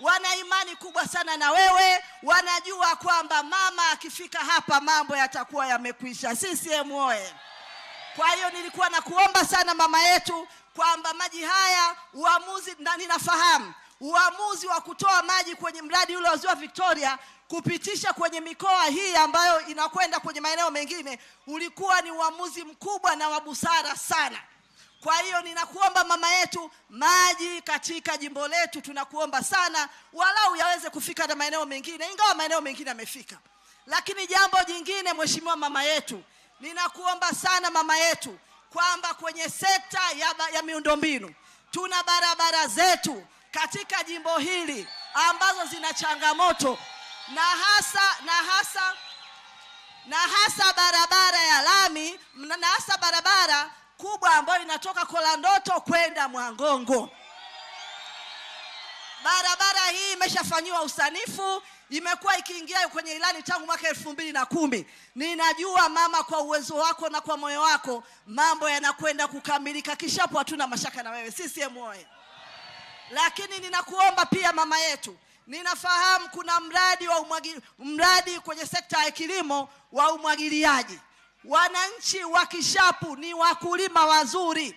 wana imani kubwa sana na wewe, wanajua kwamba mama akifika hapa mambo yatakuwa yamekwisha. CCM oye! Kwa hiyo nilikuwa nakuomba sana mama yetu kwamba maji haya uamuzi, na ninafahamu uamuzi wa kutoa maji kwenye mradi ule wa Ziwa Victoria kupitisha kwenye mikoa hii ambayo inakwenda kwenye maeneo mengine ulikuwa ni uamuzi mkubwa na wa busara sana. Kwa hiyo ninakuomba mama yetu, maji katika jimbo letu tunakuomba sana, walau yaweze kufika na maeneo mengine, ingawa maeneo mengine yamefika. Lakini jambo jingine, mheshimiwa mama yetu, ninakuomba sana mama yetu kwamba kwenye sekta ya, ya miundombinu tuna barabara zetu katika jimbo hili ambazo zina changamoto na hasa na hasa na hasa barabara ya lami na hasa barabara kubwa ambayo inatoka Kolandoto kwenda Mwangongo. Barabara hii imeshafanyiwa usanifu, imekuwa ikiingia kwenye ilani tangu mwaka elfu mbili na kumi. Ninajua mama, kwa uwezo wako na kwa moyo wako mambo yanakwenda kukamilika. Kishapo hatuna mashaka na wewe, CCM oye! Lakini ninakuomba pia mama yetu, ninafahamu kuna mradi wa umwagi, mradi kwenye sekta ya kilimo wa umwagiliaji Wananchi wa Kishapu ni wakulima wazuri.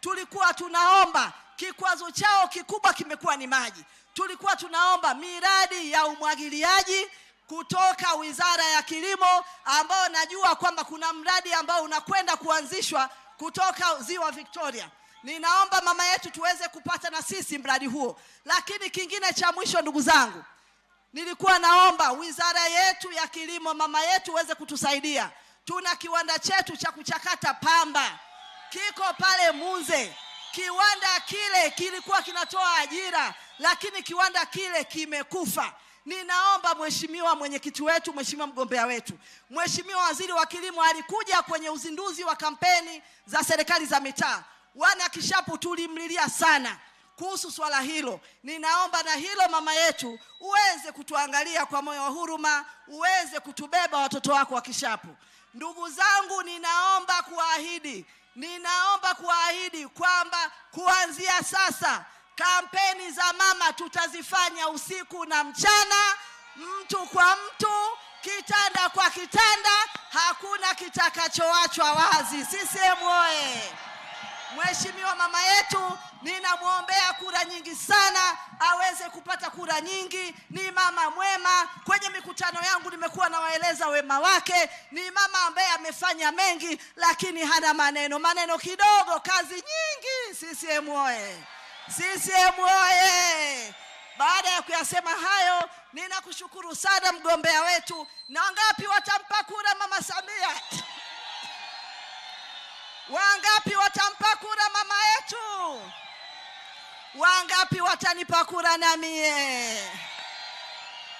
Tulikuwa tunaomba, kikwazo chao kikubwa kimekuwa ni maji. Tulikuwa tunaomba miradi ya umwagiliaji kutoka Wizara ya Kilimo, ambao najua kwamba kuna mradi ambao unakwenda kuanzishwa kutoka Ziwa Victoria. Ninaomba mama yetu tuweze kupata na sisi mradi huo. Lakini kingine cha mwisho, ndugu zangu, nilikuwa naomba wizara yetu ya kilimo, mama yetu uweze kutusaidia Tuna kiwanda chetu cha kuchakata pamba kiko pale Munze. Kiwanda kile kilikuwa kinatoa ajira, lakini kiwanda kile kimekufa. Ninaomba mheshimiwa mwenyekiti wetu, mheshimiwa mgombea wetu, mheshimiwa waziri wa kilimo alikuja kwenye uzinduzi wa kampeni za serikali za mitaa. Wana Kishapu tulimlilia sana kuhusu swala hilo. Ninaomba na hilo mama yetu uweze kutuangalia kwa moyo wa huruma, uweze kutubeba watoto wako wa Kishapu. Ndugu zangu, ninaomba kuahidi, ninaomba kuahidi kwamba kuanzia sasa kampeni za mama tutazifanya usiku na mchana, mtu kwa mtu, kitanda kwa kitanda, hakuna kitakachoachwa wazi. CCM oye! Mheshimiwa mama yetu ninamwombea kura nyingi sana, aweze kupata kura nyingi. Ni mama mwema. Kwenye mikutano yangu nimekuwa nawaeleza wema wake. Ni mama ambaye amefanya mengi, lakini hana maneno, maneno kidogo, kazi nyingi. CCM oye! CCM oye! Baada ya kuyasema hayo, ninakushukuru sana mgombea wetu. Na wangapi watampa kura mama Samia? Wangapi watampa kura mama yetu? Wangapi watanipa kura na mie?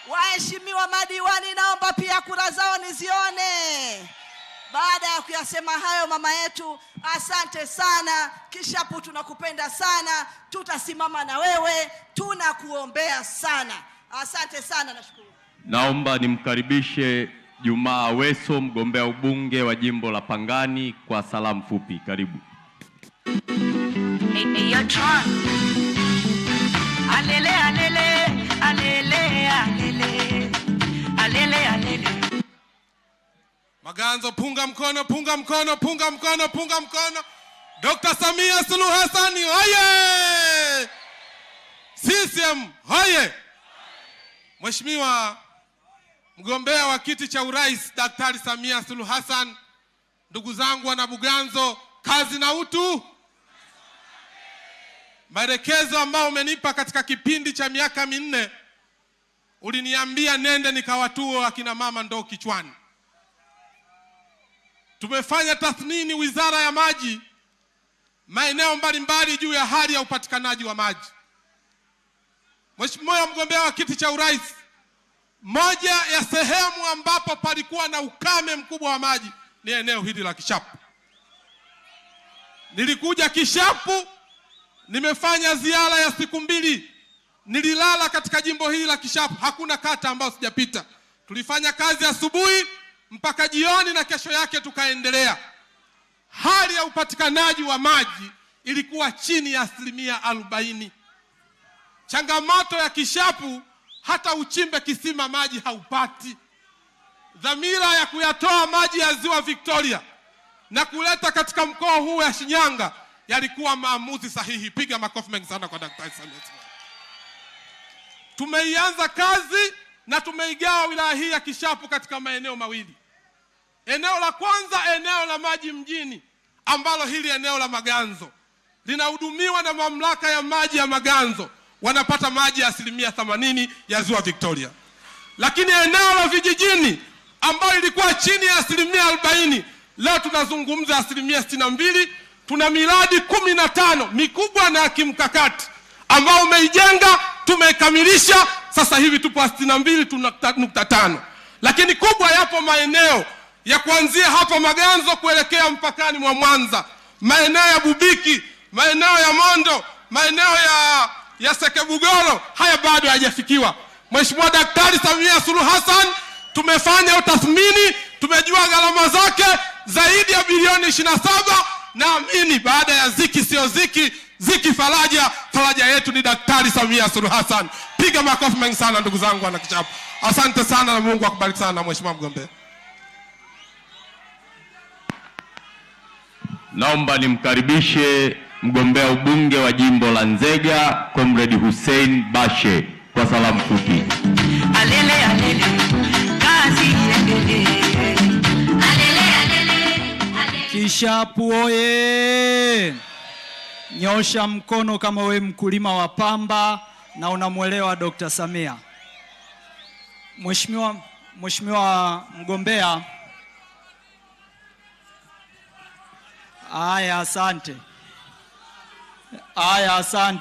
Waheshimiwa madiwani, naomba pia kura zao nizione. Baada ya kuyasema hayo, mama yetu, asante sana. Kishapu, tunakupenda sana, tutasimama na wewe, tunakuombea sana. Asante sana, nashukuru. Naomba nimkaribishe Jumaa Aweso, mgombea ubunge wa jimbo la Pangani, kwa salamu fupi. Karibu. Maganzo, punga mkono, punga mkono, punga mkono, punga mkono. Dr. Samia Suluhu Hassan hoye! CCM hoye! Mheshimiwa Mgombea wa kiti cha urais Daktari Samia Suluhu Hassan, ndugu zangu wana Buganzo, kazi na utu. Maelekezo ambayo umenipa katika kipindi cha miaka minne, uliniambia nende nikawatue akina mama ndoo kichwani. Tumefanya tathmini Wizara ya Maji maeneo mbalimbali juu ya hali ya upatikanaji wa maji. Mheshimiwa mgombea wa kiti cha urais moja ya sehemu ambapo palikuwa na ukame mkubwa wa maji ni eneo hili la Kishapu. Nilikuja Kishapu, nimefanya ziara ya siku mbili, nililala katika jimbo hili la Kishapu. Hakuna kata ambayo sijapita. Tulifanya kazi asubuhi mpaka jioni, na kesho yake tukaendelea. Hali ya upatikanaji wa maji ilikuwa chini ya asilimia arobaini. Changamoto ya Kishapu hata uchimbe kisima maji haupati. Dhamira ya kuyatoa maji ya ziwa Victoria na kuleta katika mkoa huu ya Shinyanga yalikuwa maamuzi sahihi. Piga makofi mengi sana kwa Daktari Samia. Tumeianza kazi na tumeigawa wilaya hii ya Kishapu katika maeneo mawili. Eneo la kwanza, eneo la maji mjini, ambalo hili eneo la Maganzo linahudumiwa na mamlaka ya maji ya Maganzo wanapata maji ya asilimia themanini ya ziwa Victoria, lakini eneo la vijijini ambayo ilikuwa chini ya asilimia arobaini leo tunazungumza asilimia sitini na mbili. Tuna miradi kumi na tano mikubwa na ya kimkakati ambayo umeijenga tumekamilisha sasa hivi tupo sitini na mbili nukta tano, lakini kubwa yapo maeneo ya kuanzia hapa Maganzo kuelekea mpakani mwa Mwanza, maeneo ya Bubiki, maeneo ya Mondo, maeneo ya ya Sekebugoro, haya bado hayajafikiwa. Mheshimiwa Daktari Samia Suluhu Hassan, tumefanya utathmini, tumejua gharama zake zaidi ya bilioni ishirini na saba. Naamini baada ya ziki sio ziki, ziki faraja, faraja yetu ni Daktari Samia Suluhu Hassan. Piga makofi mengi sana ndugu zangu wanakichapa. Asante sana na Mungu akubariki sana mheshimiwa mgombea. Naomba nimkaribishe mgombea ubunge wa jimbo la Nzega Comrade Hussein Bashe kwa salamu fupi. Alele, alele, kazi iendelee. Alele, alele, alele. Kishapu oye! Nyosha mkono kama we mkulima wa pamba na unamwelewa Dr. Samia. Mheshimiwa Mheshimiwa mgombea. Aya, asante. आय आसान